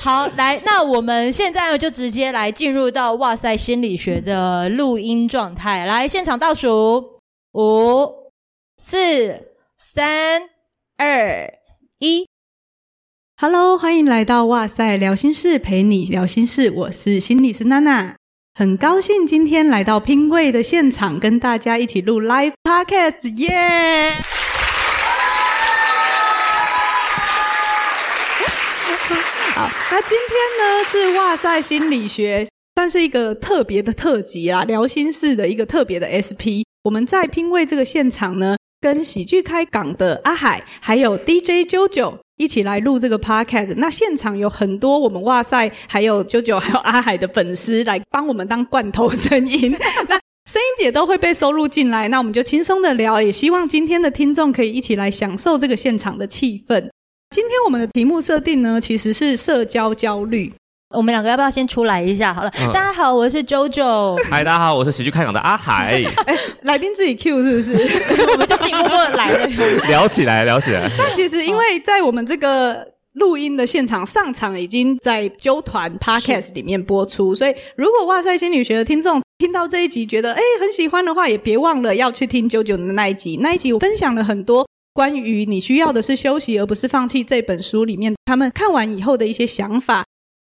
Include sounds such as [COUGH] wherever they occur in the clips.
[LAUGHS] 好，來，那我們現在就直接來進入到哇賽心理學的錄音狀態。來，現場倒數五、四、三、二、一。Hello，歡迎來到哇賽療心室，陪你聊心事，我是心理師娜娜，很高興今天來到拼櫃的現場，跟大家一起錄 Live Podcast，耶、yeah!！好，那今天呢是哇賽心理學，算是一個特別的特輯啊，療心室的一個特別的 SP。我們在拼位這個現場呢，跟喜劇開港的阿海，還有 DJ JoJo 一起來錄這個 podcast。那現場有很多我們哇賽，還有 JoJo，還有阿海的粉絲來幫我們當罐頭聲音， [LAUGHS] 那聲音也都會被收錄進來。那我們就輕鬆的聊，也希望今天的聽眾可以一起來享受這個現場的氣氛。今天我們的題目設定呢，其實是社交焦慮。我們兩個要不要先出來一下？好了，嗯、大家好，我是 JoJo。嗨， [LAUGHS] 大家好，我是喜劇開港的阿海。 [LAUGHS] 哎、來賓自己 Q 是不是？我們就自己來聊起來，聊起來。 [LAUGHS] 但其實，因為在我們這個錄音的現場，上場已經在啾團 podcast 裡面播出，所以如果哇賽心理學的聽眾聽到這一集，覺得哎、欸、很喜歡的話，也別忘了要去聽 JoJo 的那一集。那一集我分享了很多。關於你需要的是休息，而不是放棄這本書裡面，他們看完以後的一些想法。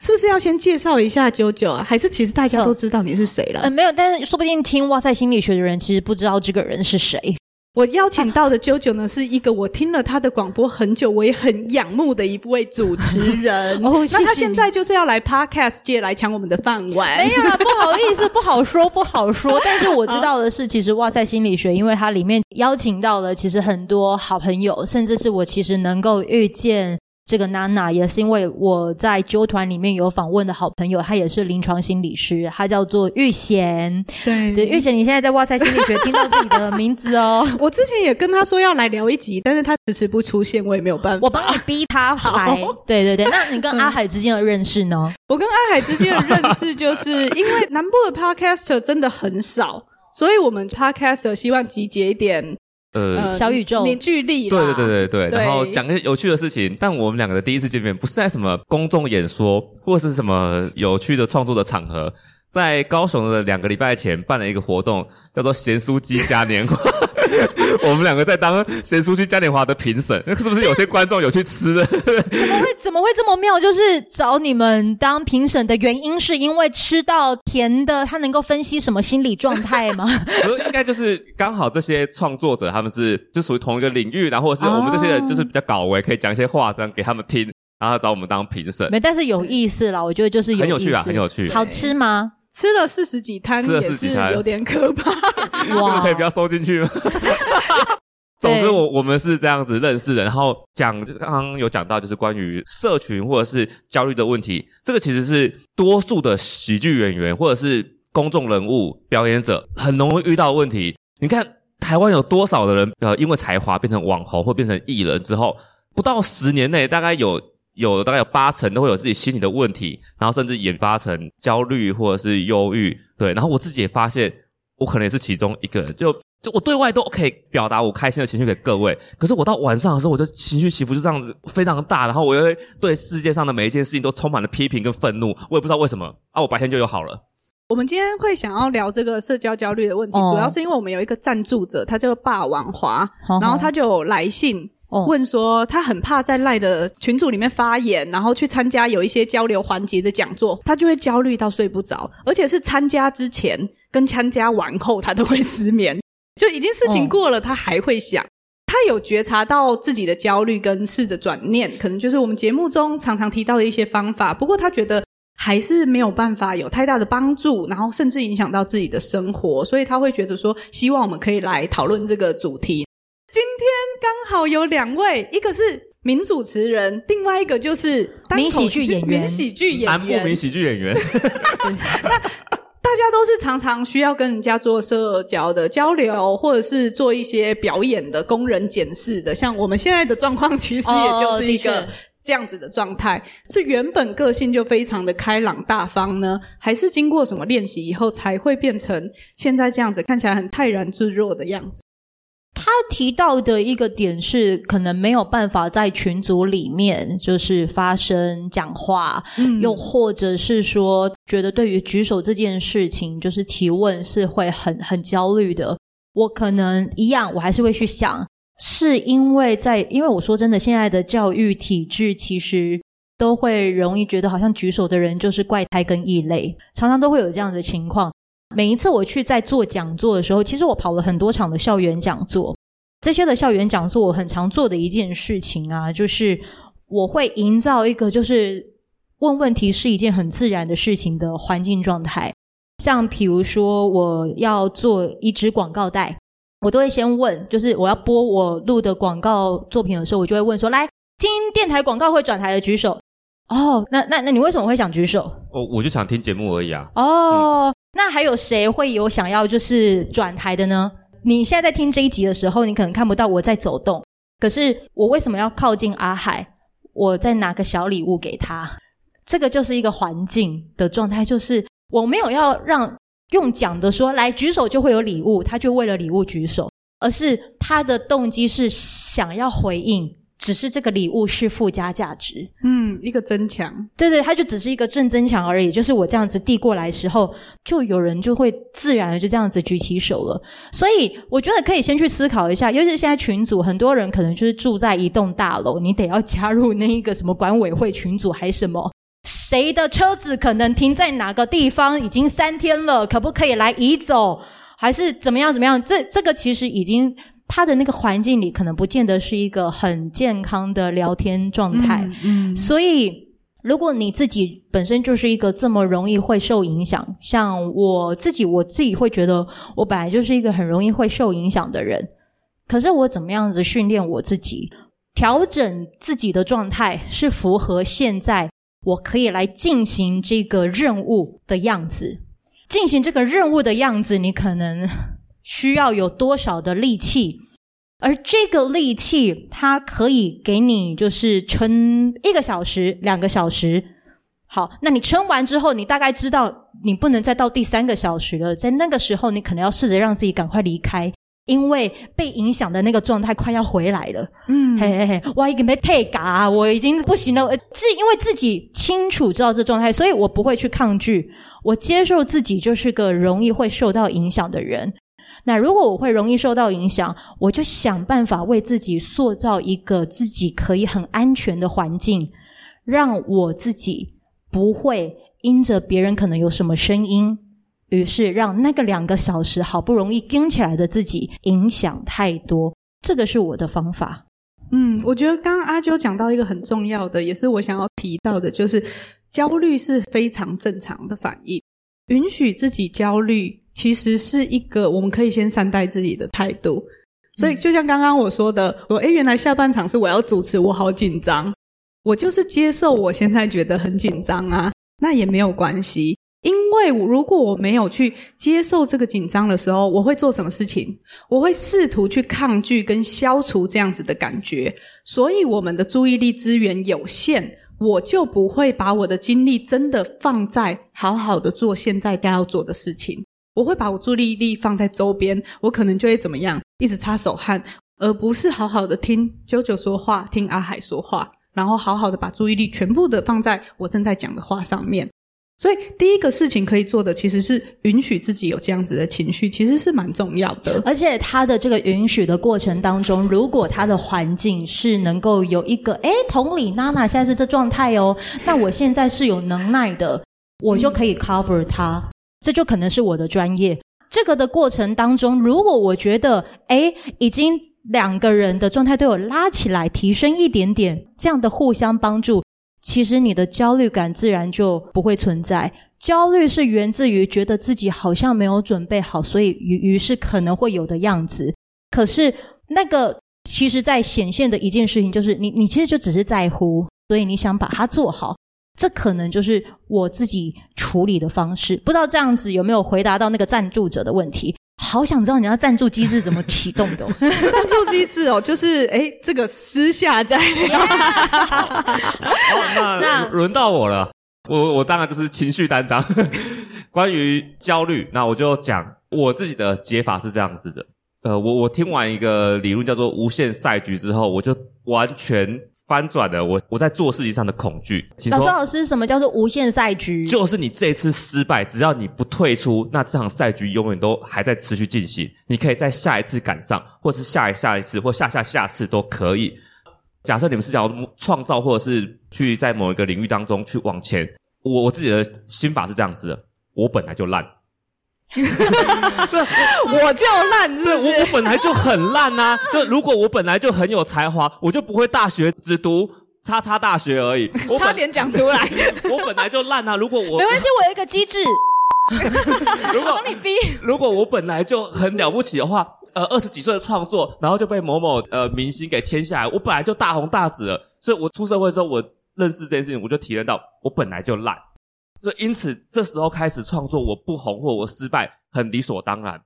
是不是要先介紹一下 JoJo 啊？還是其實大家都知道你是誰了？嗯、哦呃，沒有，但是說不定聽《哇賽心理學》的人其實不知道這個人是誰。我邀請到的 JoJo 呢，啊，是一個我聽了他的廣播很久，我也很仰慕的一位主持人。哦，那他現在就是要來 Podcast 界來搶我們的飯碗。哎呀，不好意思， [LAUGHS] 不好說，不好說。但是我知道的是，其實 [LAUGHS] 哇塞心理學，因為它裡面邀請到了其實很多好朋友，甚至是我其實能夠遇見。這個娜娜也是因為我在啾團裡面有訪問的好朋友，他也是臨床心理師，他叫做玉賢。對對，玉賢你現在在哇賽心理學聽到自己的名字哦。 [LAUGHS] 我之前也跟他說要來聊一集，但是他遲遲不出現，我也沒有辦法。我幫你逼他來。好 [LAUGHS] 對對對，那你跟阿海之間的認識呢？ [LAUGHS] 我跟阿海之間的認識，就是因為南部的 podcaster 真的很少，所以我們 podcaster 希望集結一點。呃，小宇宙凝聚力。對對對對對，然後講個有趣的事情，但我們兩個的第一次見面不是在什麼公眾演說或是什麼有趣的創作的場合，在高雄的兩個禮拜前辦了一個活動，叫做鹹酥雞嘉年華。 [LAUGHS] [LAUGHS] [LAUGHS] 我們兩個在當《誰出去嘉年華》的評審，是不是有些觀眾有去吃的？ [LAUGHS] 怎麼會怎麼會這麼妙？就是找你們當評審的原因，是因為吃到甜的，他能夠分析什麼心理狀態嗎？ [LAUGHS] [LAUGHS] 應該就是剛好這些創作者他們是就屬於同一個領域，然後或者是我們這些人就是比較搞維，可以講一些話，然後給他們聽，然後他找我們當評審。嗯。沒，但是有意思啦，我覺得就是有意思，很有趣啊，很有趣。好吃嗎？欸吃了四十幾攤，也是有點可怕。 [LAUGHS] [LAUGHS] 哇，你可以不要收進去嗎？總之我，我我們是這樣子認識的。然後講就是剛剛有講到，就是，剛剛就是關於社群或者是焦慮的問題。這個其實是多數的喜劇演員或者是公眾人物表演者很容易遇到的問題。你看台灣有多少的人，呃，因為才華變成網紅或變成藝人之後，不到十年內大概有。有大概有八成都會有自己心理的問題，然後甚至引發成焦慮或者是憂鬱。對，然後我自己也發現，我可能也是其中一個。就就我對外都 OK 表達我開心的情緒給各位，可是我到晚上的時候，我就情緒起伏就這樣子非常大，然後我又會對世界上的每一件事情都充滿了批評跟憤怒。我也不知道為什麼啊，我白天就又好了。我們今天會想要聊這個社交焦慮的問題，主要是因為我們有一個贊助者，他叫霸王華，哦、然後他就有來信。問說，他很怕在賴的群組裡面發言，然後去參加有一些交流環節的講座，他就會焦慮到睡不着，而且是參加之前跟參加完後，他都會失眠。就一件事情過了，Oh. 他還會想。他有覺察到自己的焦慮，跟試着轉念，可能就是我們節目中常常提到的一些方法。不過他覺得還是沒有辦法有太大的幫助，然後甚至影響到自己的生活，所以他會覺得說，希望我們可以來討論這個主題。今天剛好有兩位，一個是名主持人，另外一個就是單口喜劇演員，名喜劇演員，男，名喜劇演員。 [LAUGHS] [LAUGHS] [LAUGHS] 那大家都是常常需要跟人家做社交的交流，或者是做一些表演的工人檢視的。像我們現在的狀況，其實也就是一個這樣子的狀態 oh, oh, oh,。是原本個性就非常的開朗大方呢，還是經過什麼練習以後才會變成現在這樣子，看起來很泰然自若的樣子？他提到的一個點是，可能沒有辦法在群組裡面就是發聲講話，嗯，又或者是說，覺得對於舉手這件事情，就是提問是會很很焦慮的。我可能一樣，我還是會去想，是因為在，因為我說真的，現在的教育體制其實都會容易覺得好像舉手的人就是怪胎跟異類，常常都會有這樣的情況。每一次我去在做講座的時候，其實我跑了很多場的校園講座。這些的校園講座，我很常做的一件事情啊，就是我會營造一個就是問問題是一件很自然的事情的環境狀態。像比如說我要做一支廣告帶，我都會先問，就是我要播我錄的廣告作品的時候，我就會問說：“來，聽電台廣告會轉台的舉手。”哦，那那那你為什麼會想舉手？哦，我就想聽節目而已啊。哦。嗯那還有誰會有想要就是轉台的呢？你現在在聽這一集的時候，你可能看不到我在走動。可是我為什麼要靠近阿海？我再拿個小禮物給他，這個就是一個環境的狀態，就是我沒有要讓用講的說來舉手就會有禮物，他就為了禮物舉手，而是他的動機是想要回應。只是這個禮物是附加價值，嗯，一個增強，對對，它就只是一個正增強而已。就是我這樣子遞過來的時候，就有人就會自然的就這樣子舉起手了。所以我覺得可以先去思考一下，尤其是現在群組，很多人可能就是住在一棟大樓，你得要加入那一個什麼管委會群組還是什麼？誰的車子可能停在哪個地方已經三天了，可不可以來移走？還是怎麼樣？怎麼樣？這這個其實已經。他的那個環境裡，可能不見得是一個很健康的聊天狀態。所以如果你自己本身就是一個這麼容易會受影響，像我自己，我自己會覺得我本來就是一個很容易會受影響的人。可是我怎麼樣子訓練我自己，調整自己的狀態，是符合現在我可以來進行這個任務的樣子。進行這個任務的樣子，你可能需要有多少的力氣？而這個力氣，它可以給你，就是撐一個小時、兩個小時。好，那你撐完之後，你大概知道你不能再到第三個小時了。在那個時候，你可能要試着讓自己趕快離開，因為被影響的那個狀態快要回來了。嗯，嘿嘿嘿，哇，我已經沒退嘎，我已經不行了。自，因為自己清楚知道這狀態，所以我不會去抗拒，我接受自己就是個容易會受到影響的人。那如果我會容易受到影響，我就想辦法為自己塑造一個自己可以很安全的環境，讓我自己不會因着別人可能有什麼聲音，於是讓那個兩個小時好不容易撐起來的自己影響太多。這個是我的方法。嗯，我覺得剛剛阿啾講到一個很重要的，也是我想要提到的，就是焦慮是非常正常的反應，允許自己焦慮，其實是一個我們可以先善待自己的態度，所以就像剛剛我說的，我哎、欸，原來下半場是我要主持，我好緊張，我就是接受我現在覺得很緊張啊，那也沒有關係，因為如果我沒有去接受這個緊張的時候，我會做什麼事情？我會試圖去抗拒跟消除這樣子的感覺，所以我們的注意力資源有限，我就不會把我的精力真的放在好好的做現在該要做的事情。我會把我注意力放在周邊，我可能就會怎麼樣，一直擦手汗，而不是好好的聽 JoJo 說話，聽阿海說話，然後好好的把注意力全部的放在我正在講的話上面。所以第一個事情可以做的，其實是允許自己有這樣子的情緒，其實是蠻重要的。而且他的這個允許的過程當中，如果他的環境是能夠有一個，誒同理，娜娜現在是這狀態哦，那我現在是有能耐的，我就可以 cover 他。嗯這就可能是我的專業。這個的過程當中，如果我覺得，哎，已經兩個人的狀態都有拉起來，提升一點點，這樣的互相幫助，其實你的焦慮感自然就不會存在。焦慮是源自於覺得自己好像沒有準備好，所以於於是可能會有的樣子。可是那個其實在顯現的一件事情，就是你你其實就只是在乎，所以你想把它做好。這可能就是我自己處理的方式，不知道這樣子有沒有回答到那個贊助者的問題？好想知道你要贊助機制怎麼啟動的哦？贊 [LAUGHS] 助機制哦，就是誒、欸、這個私下在。Yeah! [LAUGHS] 那輪到我了，我我當然就是情緒擔當。 [LAUGHS] 關於焦慮，那我就講我自己的解法是這樣子的。呃，我我聽完一個理論叫做無限賽局之後，我就完全。翻轉的我，我在做事情上的恐懼。老師，老師，什麼叫做無限賽局？就是你這一次失敗，只要你不退出，那這場賽局永遠都還在持續進行。你可以在下一次趕上，或是下一下一次，或下下下次都可以。假設你們是想要創造，或者是去在某一個領域當中去往前，我我自己的心法是這樣子的：我本來就爛。哈哈哈哈哈！我就爛，對，我我本來就很爛啊！這如果我本來就很有才華，我就不會大學只讀叉叉大學而已。我差點講出來， [LAUGHS] 我本來就爛啊！如果我沒關係，我有一個機制哈， [LAUGHS] [LAUGHS] 我幫你逼，如果我本來就很了不起的話，呃，二十幾歲的創作，然後就被某某呃明星給簽下來，我本來就大紅大紫了。所以我出社會之後，我認識這件事情，我就體驗到我本來就爛。就因此，這時候開始創作，我不紅或我失敗，很理所當然。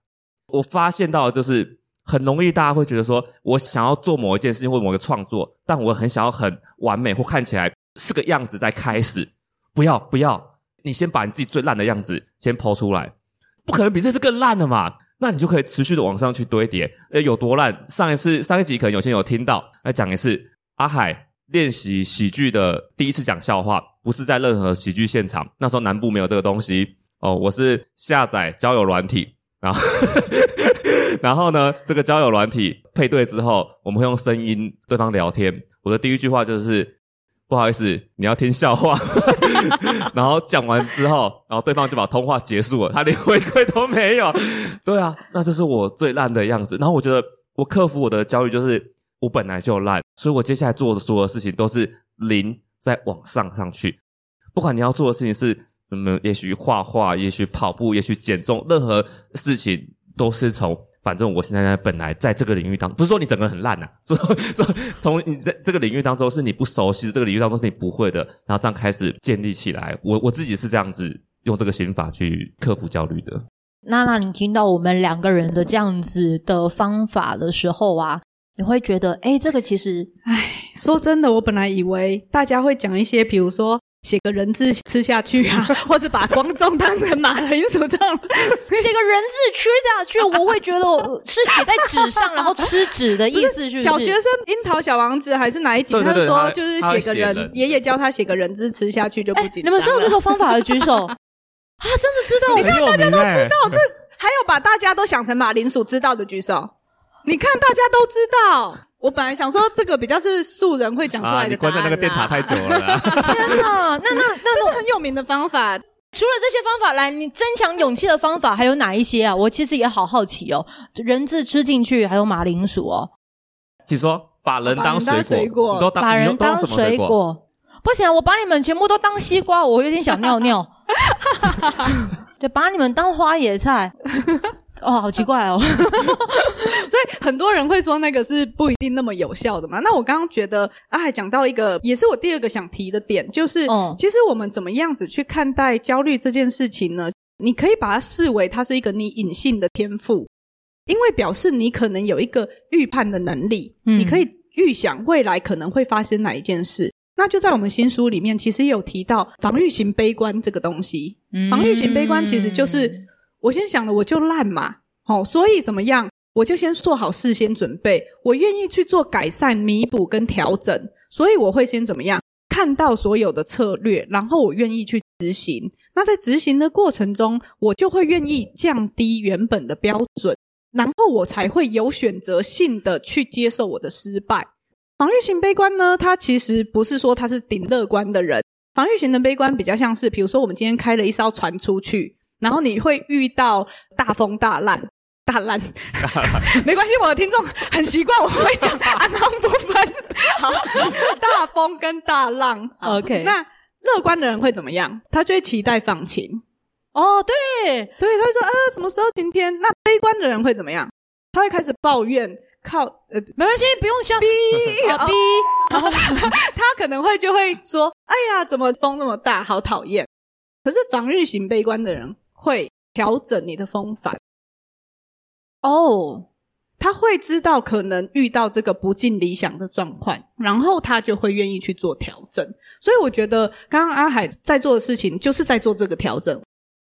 我發現到的就是很容易，大家會覺得說，我想要做某一件事情或某個創作，但我很想要很完美或看起來是個樣子在開始。不要不要，你先把你自己最爛的樣子先拋出來，不可能比這次更爛的嘛。那你就可以持續的往上去堆疊。呃，有多爛？上一次上一集可能有些人有聽到，來講一次阿海。練習喜劇的第一次講笑話，不是在任何喜劇現場。那時候南部沒有這個東西哦，我是下載交友軟體，然後 [LAUGHS] 然後呢，這個交友軟體配對之後，我們會用聲音對方聊天。我的第一句話就是不好意思，你要聽笑話？ [LAUGHS] 然後講完之後，然後對方就把通話結束了，他連回饋都沒有。對啊，那這是我最爛的樣子。然後我覺得我克服我的焦慮就是。我本來就爛，所以我接下來做的所有的事情都是零再往上上去。不管你要做的事情是什麼，也許畫畫，也許跑步，也許減重，任何事情都是從反正我現在本來在這個領域當中。不是說你整個人很爛吶、啊，說從你在這個領域當中是你不熟悉這個領域當中是你不會的，然後這樣開始建立起來。我我自己是這樣子用這個心法去克服焦慮的。娜娜，你聽到我們兩個人的這樣子的方法的時候啊。你會覺得，哎，這個其實，哎，說真的，我本來以為大家會講一些，比如說寫個人字吃下去啊， [LAUGHS] 或者把觀眾當成馬鈴薯這樣，寫個人字吃下去， [LAUGHS] 我會覺得我是寫在紙上 [LAUGHS] 然後吃紙的意思，是，是，是小學生《櫻桃小王子》還是哪一集？ [LAUGHS] 對對對對，他就說就是寫個人，寫人，爺爺教他寫個人字吃下去就不緊張。你們知道這個方法的舉手 [LAUGHS] 啊！真的知道？哎，我看大家都知道這，還有把大家都想成馬鈴薯知道的舉手。你看，大家都知道。我本來想說，這個比較是素人會講出來的答案，啊、關在那個電塔太久了，啊。 [LAUGHS] 天吶，那那那都是很有名的方法。除了這些方法來，你增強勇氣的方法還有哪一些啊？我其實也好好奇哦。人字吃進去，還有馬鈴薯哦。你說把人當水果，把人當水果？水果水果不行，啊，我把你們全部都當西瓜，我有點想尿尿。對， [LAUGHS] [LAUGHS] 把你們當花椰菜。哦，好奇怪哦， [LAUGHS] 所以很多人會說那個是不一定那麼有效的嘛。那我剛剛覺得，哎、啊，講到一個也是我第二個想提的點，就是、哦，其實我們怎麼樣子去看待焦慮這件事情呢？你可以把它視為它是一個你隱性的天賦，因為表示你可能有一個預判的能力，嗯、你可以預想未來可能會發生哪一件事。那就在我們新書裡面，其實也有提到防禦型悲觀這個東西。嗯、防禦型悲觀其實就是。我先想了，我就爛嘛，哦，所以怎麼樣？我就先做好事先準備，我願意去做改善，彌補跟調整，所以我會先怎麼樣？看到所有的策略，然後我願意去執行。那在執行的過程中，我就會願意降低原本的標準，然後我才會有選擇性的去接受我的失敗。防禦型悲觀呢，它其實不是說他是頂樂觀的人，防禦型的悲觀比較像是，比如說我們今天開了一艘船出去。然後你會遇到大風大浪，大浪， [LAUGHS] 沒關係，我的聽眾很習慣我會講安風不分， [LAUGHS] [LAUGHS] [LAUGHS] 好，大風跟大浪，OK。那樂觀的人會怎麼樣？他就會期待放晴。哦，對，對，他說啊、呃，什麼時候晴天？那悲觀的人會怎麼樣？他會開始抱怨，靠，呃，沒關係，不用笑，好 [LAUGHS] 滴、哦、後、哦、 [LAUGHS] [LAUGHS] 他可能會就會說，哎呀，怎麼風那麼大，好討厭。可是防禦型悲觀的人。會調整你的風帆哦，oh, 他會知道可能遇到這個不盡理想的狀況，然後他就會願意去做調整。所以我覺得剛剛阿海在做的事情就是在做這個調整。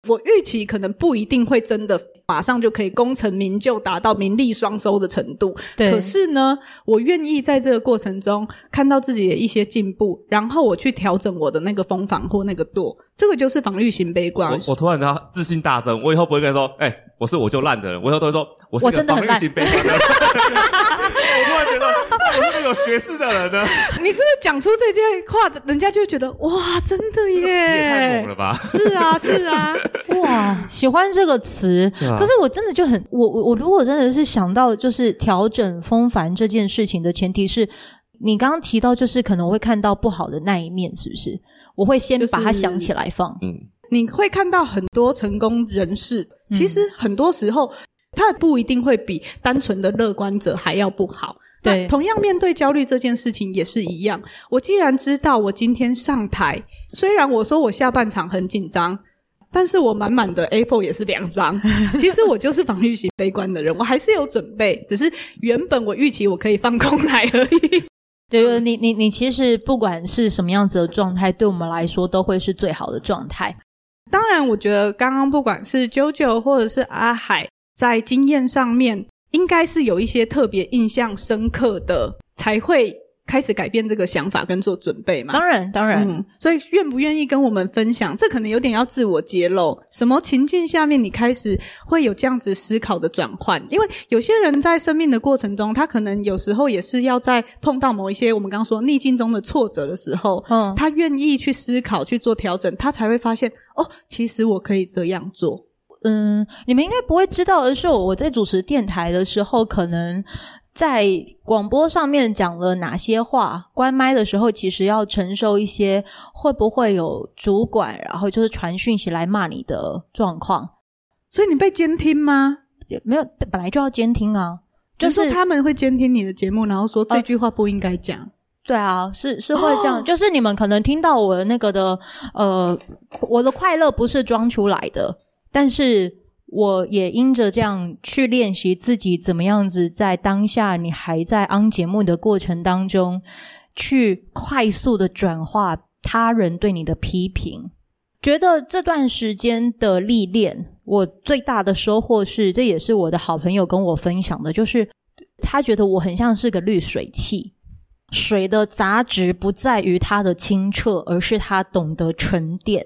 我預期可能不一定會真的。馬上就可以功成名就，達到名利雙收的程度。對，可是呢，我願意在這個過程中看到自己的一些進步，然後我去調整我的那個風帆或那個舵。這個就是防禦型悲觀。我，我突然覺得自信大增，我以後不會跟他說，哎、欸，我是我就爛的人，我以後都會說，我真的很爛。 [LAUGHS] [LAUGHS] 我突然覺得，我是個有學士的人呢？你真的講出這句話，人家就會覺得哇，真的耶！的太猛了吧？是啊，是啊， [LAUGHS] 哇，喜歡這個詞。對啊可是我真的就很我我我如果真的是想到就是調整風帆這件事情的前提，是你剛剛提到就是可能會看到不好的那一面，是不是我會先把它想起來放、就是、嗯，你會看到很多成功人士，其實很多時候他也不一定會比單純的樂觀者還要不好。對、嗯、同樣面對焦慮這件事情也是一樣，我既然知道我今天上台，雖然我說我下半場很緊張。但是我滿滿的 A4 也是兩張，其實我就是防禦型悲觀的人， [LAUGHS] 我還是有準備，只是原本我預期我可以放空來而已。對，你、嗯、你你，你其實不管是什麼樣子的狀態，對我們來說都會是最好的狀態。當然，我覺得剛剛不管是 JoJo 或者是阿海，在經驗上面，應該是有一些特別印象深刻的，才會。開始改變這個想法跟做準備嘛？當然，當然。嗯，所以願不願意跟我們分享？這可能有點要自我揭露。什麼情境下面你開始會有這樣子思考的轉換？因為有些人在生命的過程中，他可能有時候也是要在碰到某一些我們剛剛說逆境中的挫折的時候，嗯，他願意去思考去做調整，他才會發現哦，其實我可以這樣做。嗯，你們應該不會知道的是，我在主持電台的時候，可能。在廣播上面講了哪些話？關麥的時候，其實要承受一些會不會有主管，然後就是傳訊息來罵你的狀況。所以你被監聽嗎？沒有，本來就要監聽啊。就是他們會監聽你的節目，然後說這句話不應該講。呃，對啊，是，是會這樣，哦。就是你們可能聽到我的那個的，呃，我的快樂不是裝出來的，但是。我也因着這樣去練習自己怎麼樣子，在當下你還在 on 節目的過程當中，去快速的轉化他人對你的批評。覺得這段時間的歷練，我最大的收穫是，這也是我的好朋友跟我分享的，就是他覺得我很像是個濾水器，水的雜質不在於它的清澈，而是他懂得沉澱。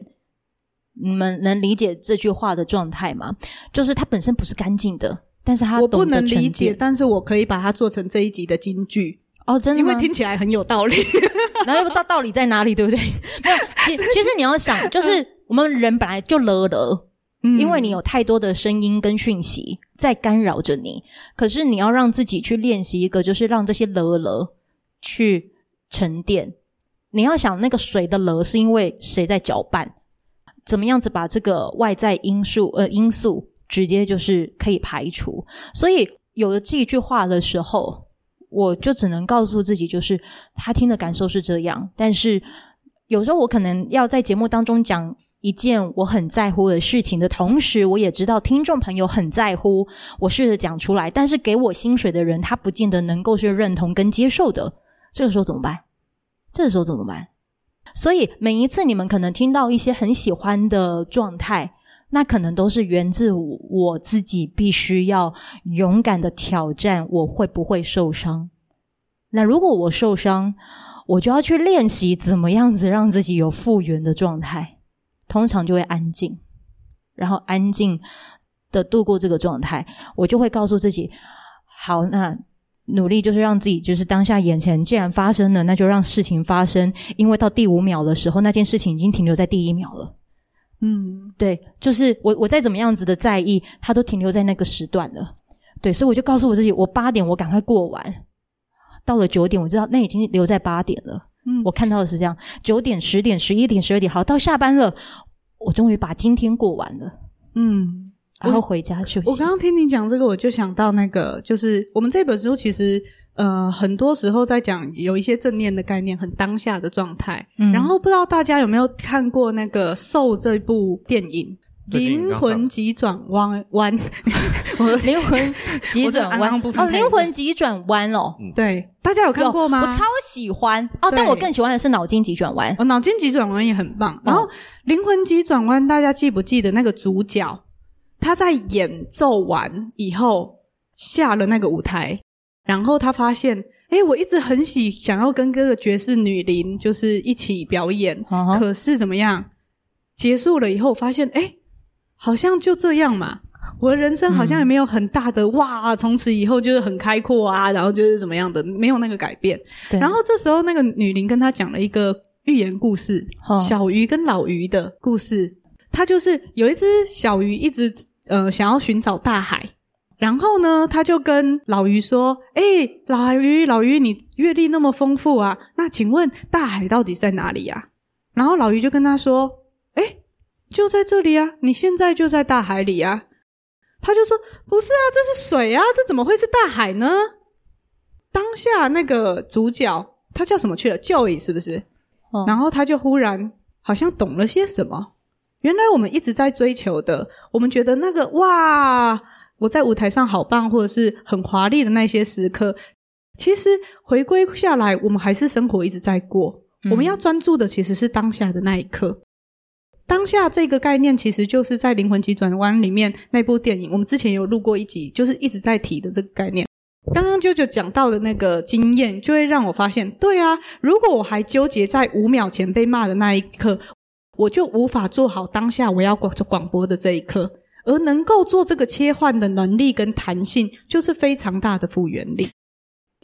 你們能理解這句話的狀態嗎？就是它本身不是乾淨的，但是它我不能理解。但是我可以把它做成這一集的金句哦，真的嗎？因為聽起來很有道理， [LAUGHS] 然後又不知道道理在哪裡，對不對？ [LAUGHS] 其實，其實你要想，就是我們人本來就了了， [LAUGHS] 因為你有太多的聲音跟訊息在干擾着你，可是你要讓自己去練習一個，就是讓這些了了去沉澱。你要想，那個水的了，是因為誰在攪拌？怎麼樣子把這個外在因素呃因素直接就是可以排除？所以有了這一句話的時候，我就只能告訴自己，就是他聽的感受是這樣。但是有時候我可能要在節目當中講一件我很在乎的事情的同時，我也知道聽眾朋友很在乎，我試着講出來。但是給我薪水的人，他不見得能夠去認同跟接受的。這個時候怎麼辦？這個時候怎麼辦？所以每一次你們可能聽到一些很喜歡的狀態，那可能都是源自我自己必須要勇敢的挑戰。我會不會受傷？那如果我受傷，我就要去練習怎麼樣子讓自己有復原的狀態。通常就會安靜，然後安靜的度過這個狀態。我就會告訴自己，好，那……努力就是讓自己，就是當下眼前既然發生了，那就讓事情發生。因為到第五秒的時候，那件事情已經停留在第一秒了。嗯，對，就是我我再怎麼樣子的在意，它都停留在那個時段了。對，所以我就告訴我自己，我八點我趕快過完，到了九點我知道那已經留在八點了。嗯，我看到的是這樣，九點、十點、十一點、十二點，好，到下班了，我終於把今天過完了。嗯。然後回家去。我剛剛聽你講這個，我就想到那個，就是我們這本書其實呃，很多時候在講有一些正念的概念，很當下的狀態。嗯。然後不知道大家有沒有看過那個《瘦》這部電影，嗯《靈魂急轉彎》。靈 [LAUGHS] 魂急轉彎 [LAUGHS] 哦，靈魂急轉彎哦。對，大家有看過嗎？我超喜歡哦，但我更喜歡的是《腦筋急轉彎》。哦，《腦筋急轉彎》也很棒。然後《靈魂急轉彎、嗯、》，大家記不記得那個主角？他在演奏完以後下了那個舞台，然後他發現，哎、欸，我一直很喜想要跟哥哥爵士女伶就是一起表演，uh -huh. 可是怎麼樣？結束了以後發現，哎、欸，好像就這樣嘛。我的人生好像也沒有很大的、嗯、哇，從此以後就是很開闊啊，然後就是怎麼樣的，沒有那個改變。對，然後這時候，那個女伶跟他講了一個寓言故事，uh -huh. 小魚跟老魚的故事。他就是有一隻小魚，一直呃想要尋找大海。然後呢，他就跟老魚說：“誒、欸，老魚，老魚，你閱歷那麼豐富啊，那請問大海到底在哪裡呀、啊？”然後老魚就跟他說：“誒、欸，就在這裡啊，你現在就在大海裡啊。”他就說：“不是啊，這是水啊，這怎麼會是大海呢？”當下那個主角他叫什麼去了？Joey 是不是、哦？然後他就忽然好像懂了些什麼。原來我們一直在追求的，我們覺得那個哇，我在舞台上好棒，或者是很華麗的那些時刻，其實回歸下來，我們還是生活一直在過。我們要專注的其實是當下的那一刻。嗯。當下這個概念，其實就是在《靈魂急轉彎》裡面那部電影，我們之前有錄過一集，就是一直在提的這個概念。剛剛舅舅講到的那個經驗，就會讓我發現，對啊，如果我還糾結在五秒前被罵的那一刻，我就無法做好當下我要廣廣播的這一刻，而能夠做這個切換的能力跟彈性，就是非常大的復原力。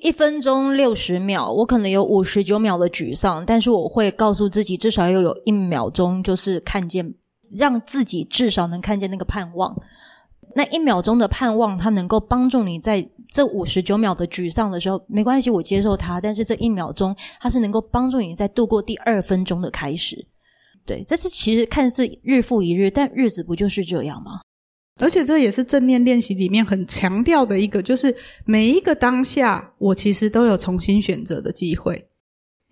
一分鐘六十秒，我可能有五十九秒的沮喪，但是我會告訴自己，至少要有一秒鐘，就是看見，讓自己至少能看見那個盼望。那一秒鐘的盼望，它能夠幫助你在這五十九秒的沮喪的時候，沒關係，我接受它。但是這一秒鐘，它是能夠幫助你再度過第二分鐘的開始。對，這是其實看似日復一日，但日子不就是這樣嗎？而且這也是正念練習裡面很強調的一個，就是每一個當下，我其實都有重新選擇的機會。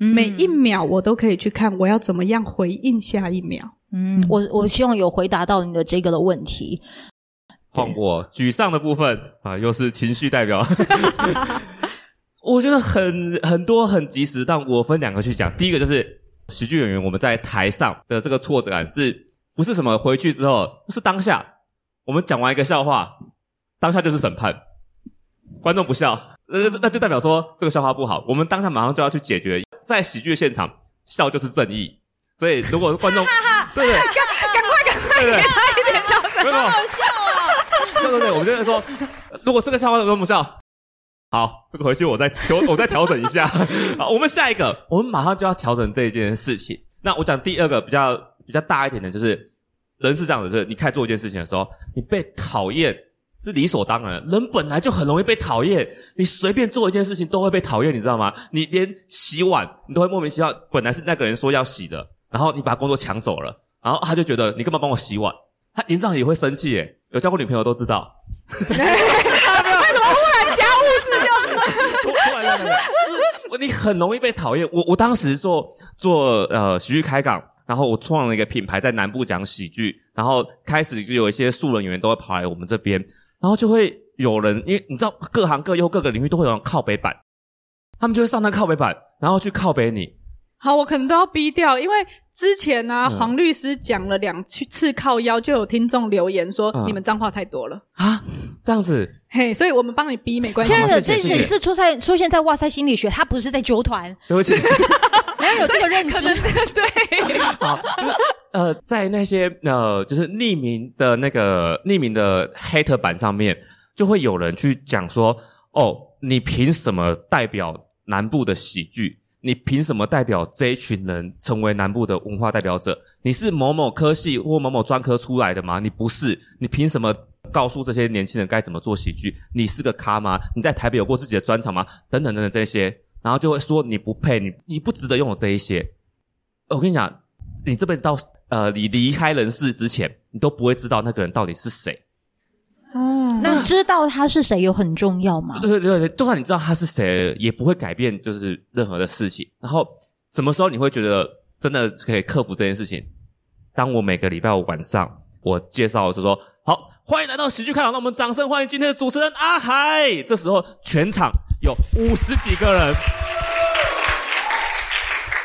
嗯，每一秒，我都可以去看我要怎麼樣回應下一秒。嗯，我我希望有回答到你的這個的問題。通過沮喪的部分啊，又是情緒代表。 [LAUGHS] [LAUGHS] 我覺得很很多很及時，但我分兩個去講，第一個就是。喜劇演員，我們在台上的這個挫折感是，不是什麼回去之後，不是當下。我們講完一個笑話，當下就是審判，觀眾不笑，那就那就代表說這個笑話不好。我們當下馬上就要去解決，在喜劇現場，笑就是正義。所以如果觀眾， [LAUGHS] 對對對，趕快趕快對對給他一點叫聲，好,好笑啊！ [LAUGHS] 對對對，我們現在說，如果這個笑話觀眾不笑。好，這個回去我再調，我再調整一下。 [LAUGHS] 好，我們下一個，我們馬上就要調整這一件事情。那我講第二個比較比較大一點的，就是人是這樣子，就是你開始做一件事情的時候，你被討厭是理所當然的。人本來就很容易被討厭，你隨便做一件事情都會被討厭，你知道嗎？你連洗碗，你都會莫名其妙，本來是那個人說要洗的，然後你把工作搶走了，然後他就覺得你幹嘛幫我洗碗。他營長也會生氣耶，有交過女朋友都知道。他 [LAUGHS] [LAUGHS] 怎麼會？ [LAUGHS] [LAUGHS] 你很容易被討厭。我我當時做做呃喜劇開港，然後我創了一個品牌，在南部講喜劇，然後開始就有一些素人演員都會跑來我們這邊，然後就會有人，因為你知道各行各業各個領域都會有人靠北板，他們就會上那靠北板，然後去靠北你。好，我可能都要逼掉，因為之前呢、啊嗯，黃律師講了兩次靠腰，就有聽眾留言說、嗯、你們髒話太多了啊，這樣子。嘿，所以我們幫你逼沒關係。親愛的，這一次出在出現在哇賽心理學，他不是在啾團。對不起，沒有這個認知。對， [LAUGHS] 好，呃，在那些呃，就是匿名的那個匿名的黑特版上面，就會有人去講說，哦，你憑什麼代表南部的喜劇？你憑什麼代表這一群人成為南部的文化代表者？你是某某科系或某某專科出來的嗎？你不是，你憑什麼告訴這些年輕人該怎麼做喜劇？你是個咖嗎？你在台北有過自己的專場嗎？等等等等這些，然後就會說你不配，你你不值得擁有這一些。我跟你講，你這輩子到呃你離，離開人世之前，你都不會知道那個人到底是誰。那知道他是誰有很重要嗎？對對對，就算你知道他是誰，也不會改變就是任何的事情。然後什麼時候你會覺得真的可以克服這件事情？當我每個禮拜五晚上我介紹的時候說，好，歡迎來到喜劇開港，那我們掌聲歡迎今天的主持人阿海、啊。這時候全場有五十幾個人，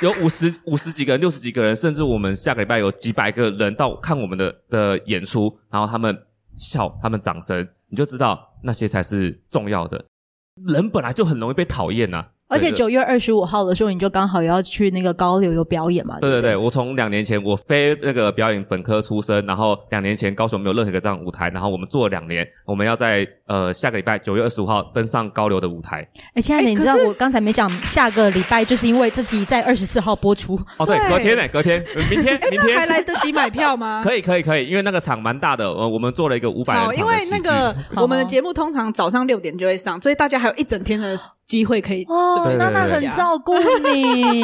有五十五十幾個人、六十幾個人，甚至我們下個禮拜有幾百個人到看我們的的演出，然後他們。笑他們掌聲，你就知道那些才是重要的。人本來就很容易被討厭啊。而且九月二十五號的時候，你就剛好要去那個高流有表演嘛，對對？對對對，我從兩年前我非那個表演本科出身，然後兩年前高雄沒有任何一個這樣的舞台，然後我們做了兩年，我們要在呃下個禮拜九月二十五號登上高流的舞台。哎、欸，親愛的、欸，你知道我剛才沒講下個禮拜，就是因為這集在二十四號播出哦。對，隔天呢、欸，隔天明天明天、 [LAUGHS] 欸、還來得及買票嗎？ [LAUGHS] 可以可以可以，因為那個場蠻大的，我，我們做了一個五百人。哦，因為那個、 [LAUGHS] 哦、我們的節目通常早上六點就會上，所以大家還有一整天的。機會可以哦，對對對對，娜娜很照顧你。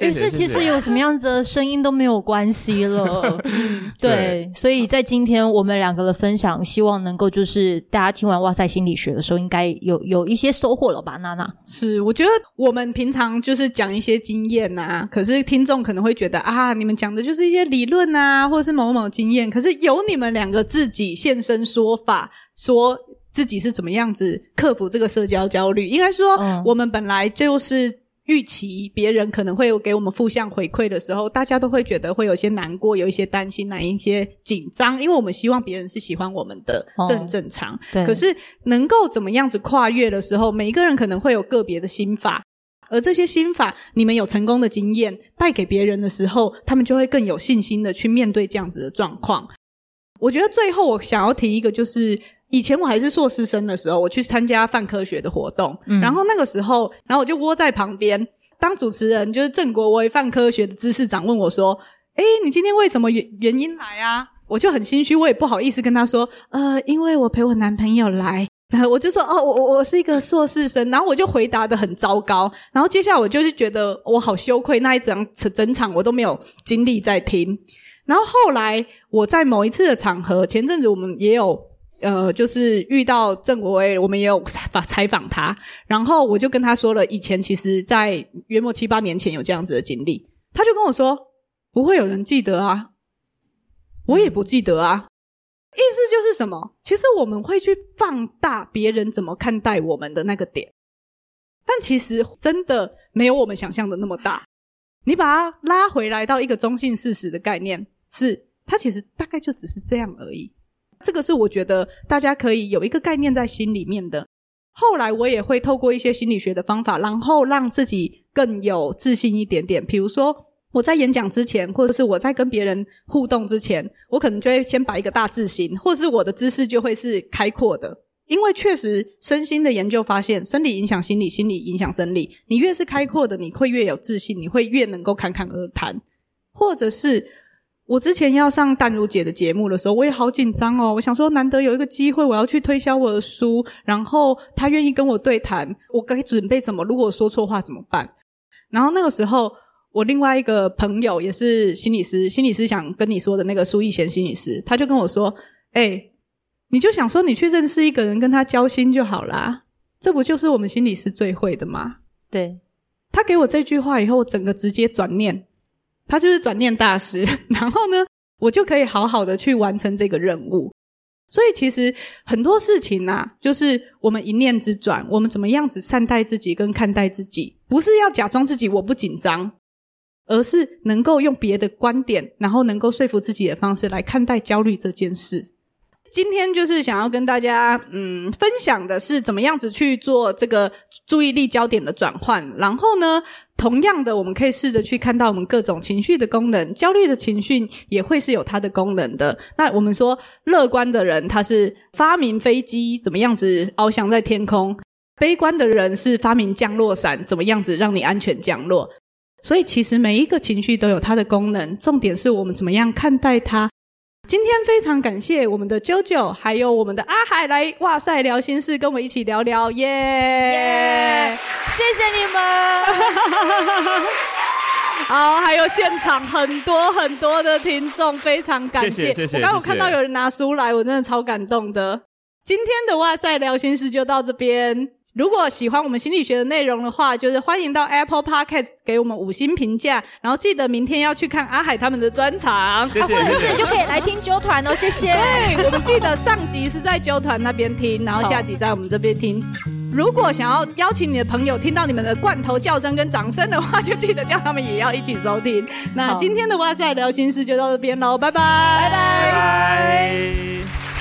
[LAUGHS] 於是，其實有什麼樣子的聲音都沒有關係了。 [LAUGHS] 對，對，所以在今天我們兩個的分享，希望能夠就是大家聽完《哇賽心理學》的時候，應該有有一些收穫了吧？娜娜是，我覺得我們平常就是講一些經驗吶、啊，可是聽眾可能會覺得啊，你們講的就是一些理論啊，或者是某，某某經驗，可是有你們兩個自己現身說法說。自己是怎麼樣子克服這個社交焦慮？應該說，嗯，我們本來就是預期別人可能會給我們負向回饋的時候，大家都會覺得會有些難過，有一些擔心，哪一些緊張，因為我們希望別人是喜歡我們的，這，嗯、很正，正常。可是能夠怎麼樣子跨越的時候，每一個人可能會有個別的心法，而這些心法，你們有成功的經驗帶給別人的時候，他們就會更有信心的去面對這樣子的狀況。我覺得最後我想要提一個就是。以前我還是碩士生的時候，我去參加泛科學的活動、嗯，然後那個時候，然後我就窩在旁邊當主持人，就是鄭國威泛科學的知識長問我說：“哎、欸，你今天為什麼原原因來啊？”我就很心虛，我也不好意思跟他說：“呃，因為我陪我男朋友來。”我就說：“哦，我我，我是一個碩士生。”然後我就回答得很糟糕。然後接下來我就是覺得我、哦、好羞愧，那一整整，整場我都沒有精力在聽。然後後來我在某一次的場合，前陣子我們也有。呃，就是遇到鄭國威，我們也有採訪採訪他，然後我就跟他說了，以前其實，在約莫七八年前有這樣子的經歷，他就跟我說，不會有人記得啊，我也不記得啊。嗯，意思就是什麼？其實我們會去放大別人怎麼看待我們的那個點，但其實真的沒有我們想象的那麼大，你把它拉回來到一個中性事實的概念，是它其實大概就只是這樣而已。這個是我覺得大家可以有一個概念在心裡面的。後來我也會透過一些心理學的方法，然後讓自己更有自信一點點。比如說我在演講之前，或者是我在跟別人互動之前，我可能就會先擺一個大字型，或者是我的姿勢就會是開闊的。因為確實身心的研究發現，生理影響心理，心理影響生理。你越是開闊的，你會越有自信，你會越能夠侃侃而談，或者是。我之前要上淡如姐的節目的時候，我也好緊張哦。我想說，難得有一個機會，我要去推銷我的書，然後他願意跟我對談，我該準備怎麼？如果說錯話怎麼辦？然後那個時候，我另外一個朋友也是心理師，心理師想跟你說的那個蘇益賢心理師，他就跟我說：“哎，欸，你就想說，你去認識一個人，跟他交心就好啦。”這不就是我們心理師最會的嗎？”對。他給我這句話以後，我整個直接轉念。他就是轉念大師，然後呢，我就可以好好的去完成這個任務。所以其實很多事情啊，就是我們一念之轉，我們怎麼樣子善待自己跟看待自己，不是要假裝自己我不緊張，而是能夠用別的觀點，然後能夠說服自己的方式來看待焦慮這件事。今天就是想要跟大家，嗯，分享的是怎麼樣子去做這個注意力焦點的轉換，然後呢。同樣的，我們可以試着去看到我們各種情緒的功能。焦慮的情緒也會是有它的功能的。那我們說，樂觀的人他是發明飛機，怎麼樣子翱翔在天空；悲觀的人是發明降落傘，怎麼樣子讓你安全降落。所以，其實每一個情緒都有它的功能，重點是我們怎麼樣看待它。今天非常感謝我們的 JoJo，還有我們的阿海來哇賽療心室，跟我們一起聊聊耶、yeah yeah！謝謝你們 [LAUGHS] ，好，還有現場很多很多的聽眾，非常感謝。謝謝，謝謝。謝謝，我剛剛看到有人拿書來，我真的超感動的。今天的哇賽療心室就到這邊。如果喜歡我們心理學的內容的話，就是歡迎到 Apple Podcast 給我們五星評價。然後記得明天要去看阿海他們的專場，或者是就可以來聽啾團哦。謝謝。對，我們記得上集是在啾團那邊聽，然後下集在我們這邊聽。如果想要邀請你的朋友聽到你們的罐頭叫聲跟掌聲的話，就記得叫他們也要一起收聽。那今天的哇賽療心室就到這邊嘍，拜拜，拜拜。